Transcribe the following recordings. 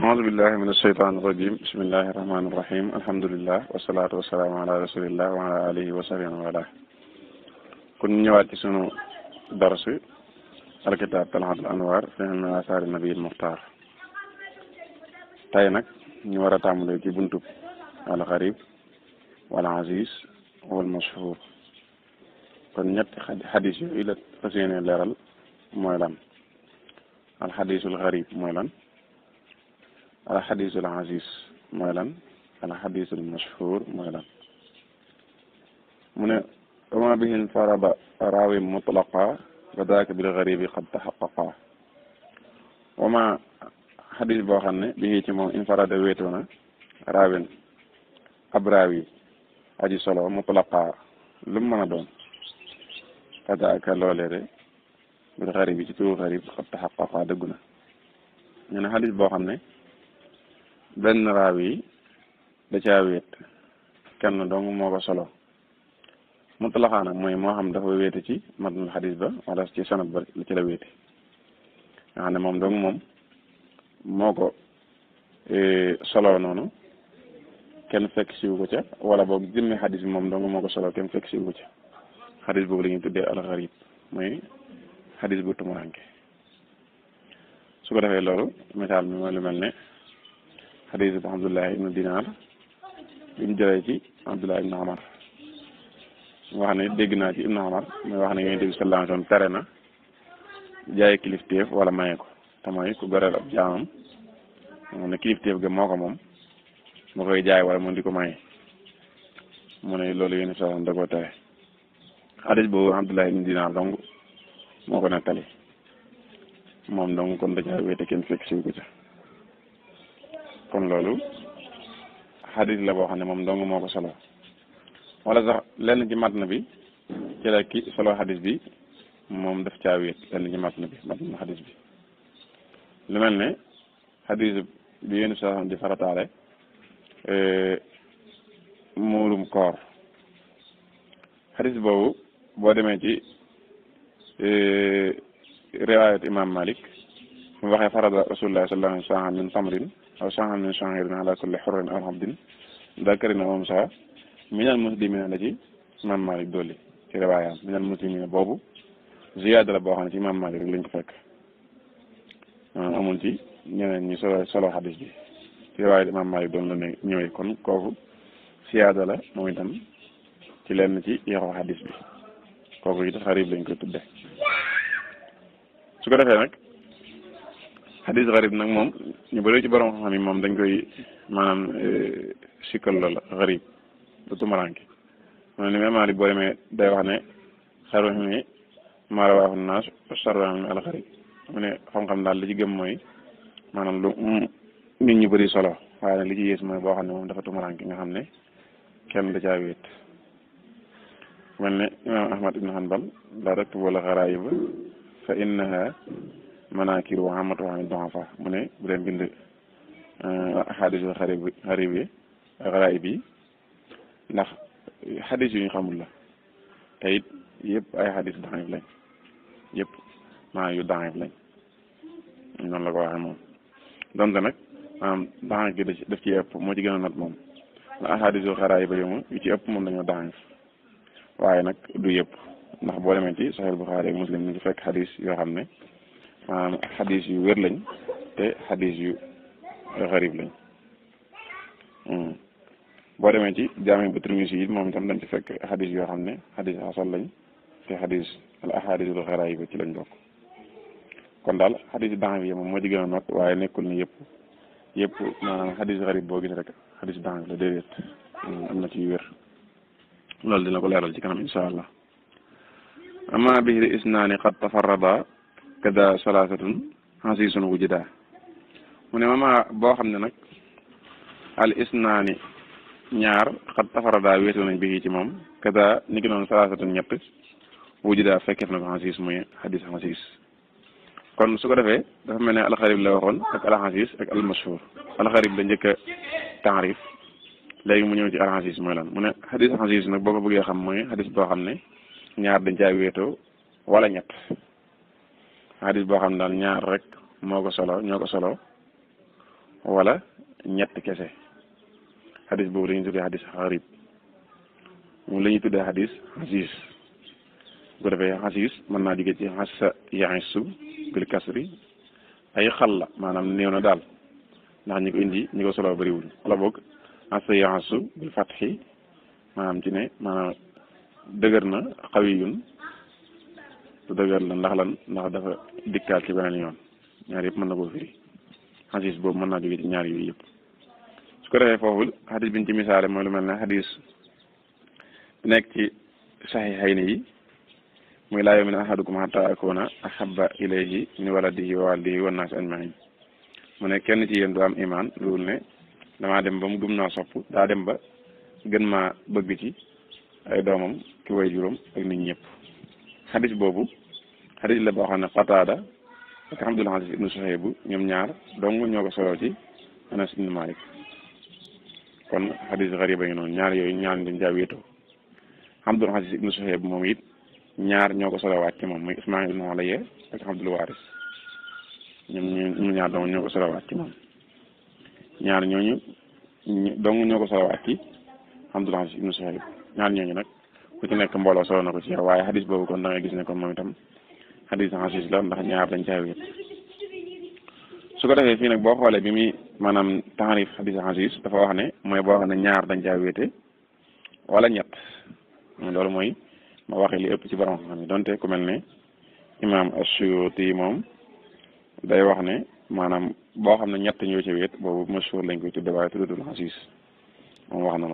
أعوذ بالله من الشيطان الرجيم بسم الله الرحمن الرحيم الحمد لله والصلاة والسلام على رسول الله وعلى آله وصحبه ومن والاه كن نيوات سنو درس الكتاب طلعة الأنوار في من آثار النبي المختار تاي نك ني ورا تاملو تي بونتو الغريب والعزيز والمشهور كن نيت حديث الى فسيني ليرال موي الحديث الغريب موي الحديث العزيز مالا الحديث المشهور مالا من وما به انفرب راوي مطلقا فذاك بالغريب قد تحققا وما حديث بوخان به تيما انفرد ويتونا راوي ابراوي اجي صلو مطلقا لما ندون فذاك لوليري بالغريب تيتو غريب قد تحققا دقنا من حديث بوخان benn raaw yi da caa wéet kenn dong moo ko solo mutlaxaa nag mooy moo xam dafa wéete ci matnul xadis ba wala ci sanad ba ci la wéete nga xam ne moom dong moom moo ko e, solo noonu kenn fekk siwu ko ca wala boog jëmmi xadis bi moom dong moo ko solo kenn fekk siwu ko ca xadis boobu la ñuy tuddee alxarib mooy xadis bu tumuranke su ko defee loolu misaal mi mooy lu mel ne xadisat abdullah ibnu dinar bi mu jëlee ci abdullah ibnu amar wax ne dégg naa ci ibnu amar mooy wax ne yonent bi sallallahu alayhi wa sallam tere na jaay kilifteef wala maye ko te mooy ku goreel ab jaamam mu ne kilifteef ga moo ko moom mu koy jaay wala mu di ko maye mu ne loolu yonent bi sallallahu alayhi wa sallam da koo tere xadis boobu abdullah ibnu dinar dong moo ko nettali moom dong kon da caa wéete kenn fekk siw ko ca لولو حديث لا بو خاني موم دونغ موكو صلو ولا صح لين دي ماتنا بي تي لا كي صلو حديث بي موم داف تا ويت لين دي ماتنا بي ماتنا حديث بي لو ملني حديث بي يونس صلو دي فراتالي ا مورم كور حديث بو بو ديمي تي ا روايه امام مالك waxe farada rasulullah sallallahu alaihi wasallam min tamrin أو شاعر من شاعر على كل حر أو عبد ذاكرنا ومسعى من المسلمين التي maam Malick ci riwaayaam boobu ziyaada la boo xam ne ci maam Malick rek ko fekk ci ñeneen ñi solo solo xadis bi ci riwaaya maam Malick doon la ne ñëwee kon kooku ziyaada la moom itam ci lenn ci yaxu xadis bi kooku it xarib lañ koy tudde su ko defee nag xadis xarib nag moom ñu bëree ci borom xam moom dañ koy maanaam eh, sikkal loola xarib du tumaranke man day wax ne xaru mi maara waaxu mi al mu ne xam-xam daal li ci gëm mooy maanaam lu nit ñu bëri solo waaye nag li ci yées mooy boo xam ne moom dafa tumaranke nga xam ne kenn da caa wéet ne imaam ahmad ibn hanbal la raktu wala xaraayiba fa innaha manaakir wa amatu wa doxafa mu ne bu dee bind xadisul xarib xarib ndax xadis yu ñu xamul la te it ay xadis daxif lañ yëpp maa yu daxif lañ noonu la ko waxee moom donte nag maanaam daxif gi daf ci ëpp moo ci gën a not moom ndax xadisul xaraib yi moom yu ci ëpp moom dañoo daxif waaye nag du yëpp ndax boo demee ci saxiix Buxaari ak Muslim ñu ngi fekk xadis yoo xam ne maanaam xadis yu wér lañ te xadis yu xarib lañ hmm. boo demee ci jaami bu Tirmisi moom tam dañ ci fekk xadis yoo xam ne xadis xasan lañ te xadis al ahadisul xaraayib ci lañ bokk kon daal xadis yi daan bi moom moo ci gën a not waaye nekkul ni yëpp yëpp maanaam xadis xarib boo gis rek xadis daan bi la déedéet hmm, am na ci yu wér loolu dina ko leeral ci kanam incha allah ama bihi isnaani qad tafarrada kada salaasatun xasiisun wujida mu ne mama boo xam ne nag al ni ñaar xat tafaradaa wéetoo nañ bi ci moom kada ni ki noonu salaasatun ñett wujida fekkeef na ko xasiis muy xadis xasiis kon su ko defee dafa mel ne alxarib la waxoon ak alxasiis ak almashhur alxarib la njëkk a taarif léegi mu ñëw ci alxasiis mooy mu ne xadis xasiis nag boo ko bëggee xam mooy xadis boo xam ne ñaar dañ caa wéetoo wala ñett xadis boo xam ne daal ñaar rek moo ko solo ñoo ko solo wala ñett kese xadis boobu dañuy tuddee xadis xarib moom lañuy ñuy tuddee xadis xasis bu defee xasis mën naa jóge ci xasa yaxisu bil kasri ay xal la maanaam néew na daal ndax ñi ko indi ñi ko solo bëriwul wala boog xasa yaxisu bil fatxi maanaam ci ne maanaam dëgër na xawiyun su dëgër la ndax lan ndax dafa dikkaat ci beneen yoon ñaar yëpp mën na ko firi xadis boobu mën naa jóge ci ñaar yooyu yëpp su ko defee foofu xadis biñ ci misaale mooy lu mel ne xadis nekk ci saxiixayni yi muy laa yu'minu ahadukum hattaa akuuna ahabba ilayhi min waladihi wa walidihi wan naasi ajma'iin mu ne kenn ci yéen du am imaan loolu ne damaa dem ba mu gëm naa sopp daa dem ba gën maa bëgg ci ay doomam ki way juróom ak nit ñëpp xadis boobu xadis la boo xam ne Qataada ak Abdul Aziz ibnu Suhayb bu ñoom ñaar dong ñoo ko solo ci Anas kon xadis xariba ngi noonu ñaar yooyu ñaar dañ caa wéetoo Abdul Aziz ibnu moom ñaar ñoo ko solowaat ci moom muy Ismaayil ibnu Alayya ak Abdul ñu ñaar dong ñoo ko solowaat ci moom ñaar ñooñu dong ñoo ko solowaat ci Abdul ñaar ñooñu nag ku ci nekk mbooloo solo na ko ci yow waaye xadis boobu kon da ngay gis ne kon moom itam xadis xasis la ndax ñaar dañ caa wéet su ko defee fii nag boo xoolee bi muy maanaam taarif xadis xasis dafa wax ne mooy boo xam ne ñaar dañ caa wéete wala ñett loolu mooy ma waxee li ëpp ci borom xam ne donte ku mel ne imaam Asuyuti moom day wax ne maanaam boo xam ne ñett ñoo ca wéet boobu masuur lañ koy tudde waaye tuddatul xasis moom wax na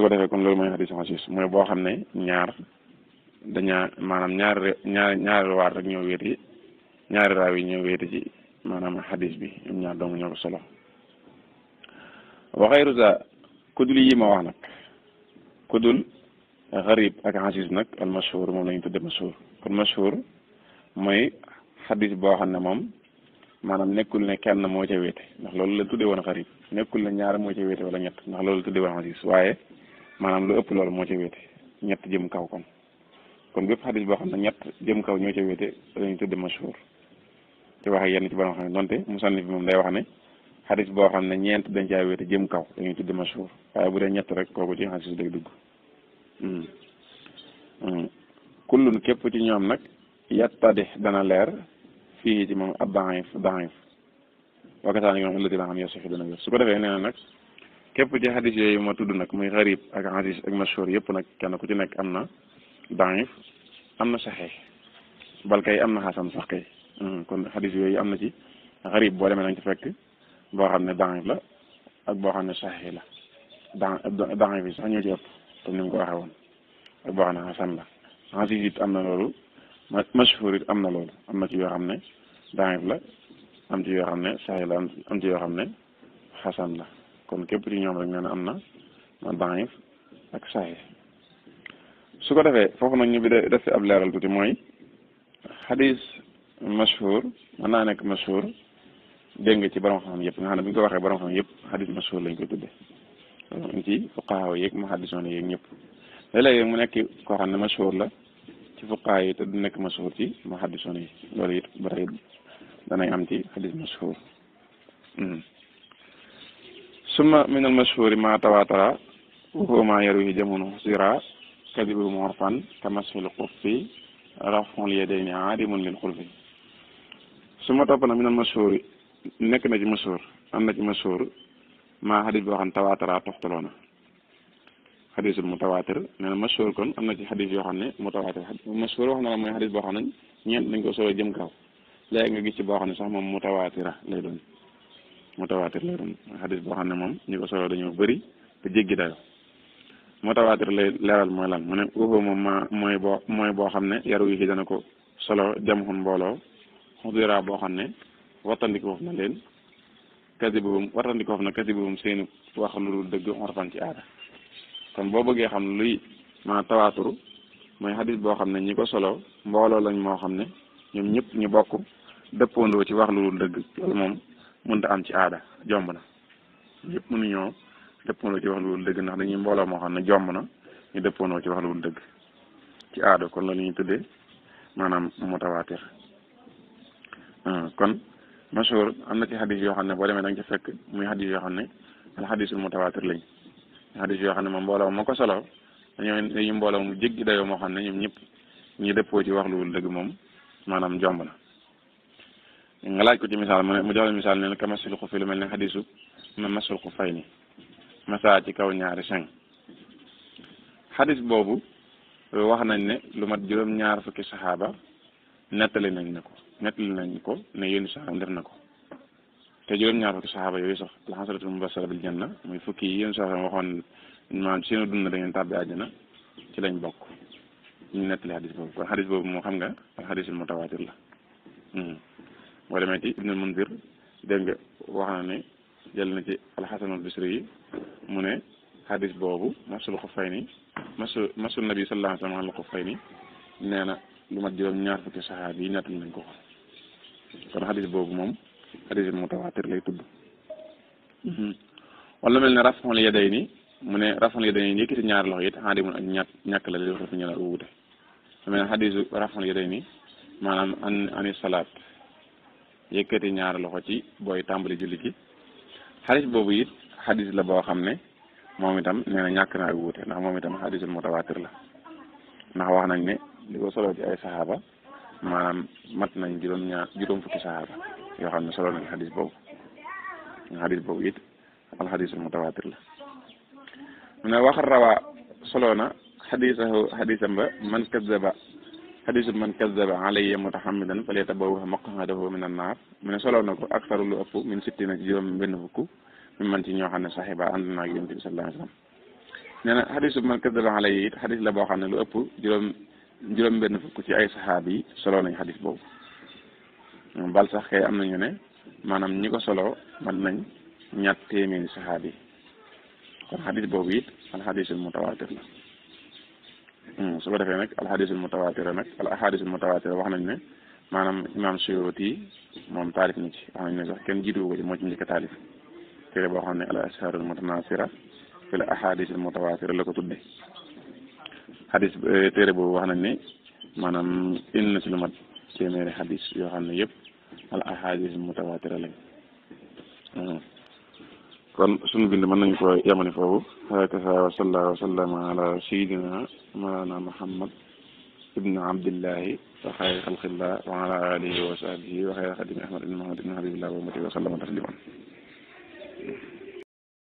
su ko defee kon loolu mooy xadis xasis mooy boo xam ne ñaar dañaa maanaam ñaari ñaar ñaari waat rek ñoo wéeti ñaari raaw yi ñoo wéeti ci maanaam xadis bi ñoom ñaar dong ñoo ko solo wa xayru za ku yi ma wax nag ku dul xarib ak xasis nag al mashhur moom lañu tudde mashhur kon mashhur mooy xadis boo xam ne moom maanaam nekkul ne kenn moo ca wéete ndax loolu la tuddee woon xarib nekkul ne ñaar moo ca wéete wala ñett ndax loolu la tuddee woon xasis waaye maanaam lu ëpp loolu moo ci wéete ñett jëm kaw kon kon bépp xadis boo xam ne ñett jëm kaw ñoo ca wéete dañuy tudd mashhur ci wax yenn ci borom xam ne donte bi moom day wax ne xadis boo xam ne ñeent dañ caa wéete jëm kaw dañuy tudd mashhur waaye bu dee ñett rek kooku ci xadis day dugg hmm. Hmm. kullun képp ci ñoom nag yattadi dana leer fii ci moom ab daif daif wakkataan yi moom ëllëg la xam yosu fi dana wér su ko defee nee na nag كيف جاء هذا جاي ما تدونك مي غريب أكانتيس أكمشور يبونك كأنا كنت نك أمنا ضعيف أمنا صحيح بل كي أمنا حسن صحيح كن هذا جاي أمنا جي غريب ولا من أنت فاكر بعدنا ضعيف لا أكبرنا صحيح لا ضع ضعيف إذا أني جاب تنين قاهون أكبرنا حسن لا هذا جيت أمنا لولو مشهور أمنا لولو أمنا جي أمنا ضعيف لا أمتي يا أمنا صحيح لا أمتي يا أمنا حسن لا kon képp ci ñoom rek nee na am na ma daif ak saxi su ko defee foofu nag ñu bi def fi ab leeral tuuti mooy xadis mashhur mën naa nekk mashhur dégg nga ci borom xam-xam yëpp nga xam ne bu ñu ko waxee borom xam yëpp xadis mashhur lañ koy tuddee ci fuqaha yeeg muhaddisoon ñëpp léeg mu nekk koo xam ne mashhur la ci fuqaha yi te du nekk mashhur ci muhaddisoon yi loolu it ba tey danañ am ci xadis mashhur hmm. ثم من المشهور ما تواتر وهو ما يروي جمن زراء كذب معرفا كمسح القف رفع اليدين من للخلف ثم تبنا من المشهور نكنا مشهور أما مشهور ما حديث بوخان تواتر تختلونا حديث المتواتر من المشهور كن أما حديث يوحان متواتر المشهور هو نعم حديث بوخان نين نين كو سوى جمكاو لا ينجي بوخان سامو متواتر ليدون mutawaatir lay doon xadis boo xam ne moom ñi ko solo dañoo bëri te jéggi dayo mutawaatir lay leeral mooy lan mu ne uhu moom ma mooy boo mooy boo xam ne yaru yi ci dana ko solo jamxun mbooloo xudira boo xam ne wattandiko foofu na leen kadibum wattandiko foofu na kadibum seeni wax lu dëgg orfan ci aada boo bëggee xam luy ma tawaaturu mooy boo xam ne ñi ko solo mbooloo lañ moo xam ne ñoom ñëpp ñu bokk dëppoondoo ci wax lu dëgg loolu moom mënut a am ci aada jomb na yëpp mënuñoo dëppoonoo ci wax lu dëgg ndax dañuy mbooloo moo xam ne jomb na ñu dëppoonoo ci wax lu dëgg ci aada kon loolu ñuy tuddee maanaam mu mutawaatir euh, kon mashhur am na ci xadis yoo xam ne boo demee da nga ci fekk muy xadis yoo xam ne al xadisul mutawaatir lañ xadis yoo xam ne moom mbooloo moo ko solo dañoo dañuy mbooloo mu jéggi dayoo moo xam ne ñoom ñëpp ñu dëppoo ci wax lu dëgg moom maanaam jomb na nga laaj ko ci misaal mu ne mu jox la misaal ne ka masul xu fi lu mel ne xadisu na masul xu fay ci kaw ñaari seng xadis boobu wax nañ ne lu mat juróom-ñaar fukki saxaaba nettali nañ ne ko nettali nañ ko ne yéen saxaaba def na ko te juróom-ñaar fukki saxaaba yooyu sax alxasratu mubashara bil janna muy fukki yi yéen saxaaba dund da ngeen tàbbi àjjana ci lañ bokk ñu nettali xadis boobu kon xadis boobu moo xam nga xadisul mutawaatir la hmm. ولمن إبن المنذر دعنا وعنا جلنا جي الحسن البصري من حديث بابو ما شو الخفيني ما شو ما شو النبي صلى الله عليه وسلم الخفيني أنا لما جلنا نعرف كشهادي نحن نقول كان حديث بابو مم حديث متواتر لي تبدو ولا من رفع اليدين من رفع اليدين يكتب نعرف له يد هذه من نعرف نعرف له يد في نعرف له ومن حديث رفع اليدين أنا أنا أنا الصلاة yëkkati ñaar loxo ci booy tàmbali julli gi xadis boobu it xadis la boo xam ne moom itam nee ñàkk na ak wuute ndax moom itam xadisul mutawaatir la ndax wax nañ ne li ko solo ci ay saxaaba maanaam mat nañ juróom ñaar juróom fukki saxaaba yoo xam ne solo nañ xadis boobu nga xadis boobu it al xadisul mutawaatir la mu ne wax rawa solo na xadisahu xadisam ba man ba حديث من كذب علي متحمدا فليتبوه مقعده من النار من سلو نكو اكثر لو اوب من 60 جيوم بن فكو ممن تي نيو خن صاحبا عندنا يونس صلى الله عليه وسلم حديث من كذب علي حديث لا بو خن لو اوب جيوم جيوم بن فكو سي اي صحابي سلو ناي حديث بو بال صاحي امنا ني ني مانام نيكو سلو مان نان نيات تيمين صحابي حديث بو ويت الحديث المتواتر su ko defee nag alxadis almutawatira nag al ahadis almutawatira wax nañ ne maanaam imam Suyuti moom taalif na ci wax nañ ne sax kenn jiitu ko ci moo ci njëkk a taalif téere boo xam ne al ashar almutanasira fi la ahadis almutawatira la ko tudde xadis téere boobu wax nañ ne maanaam indi na ci lu mat téeméeri xadis yoo xam ne yëpp al ahadis almutawatira lañ kon sunu bind mën nañ ko yamani foofu hakaza wa sallallahu wa sallama ala sayidina mawlana muhammad ibn abdillahi wa xayri xalqillah wa ala alihi wa sahbihi wa xayri xadimi ahmad ibn muhammad ibn habibillah wa mati wa sallama tasliman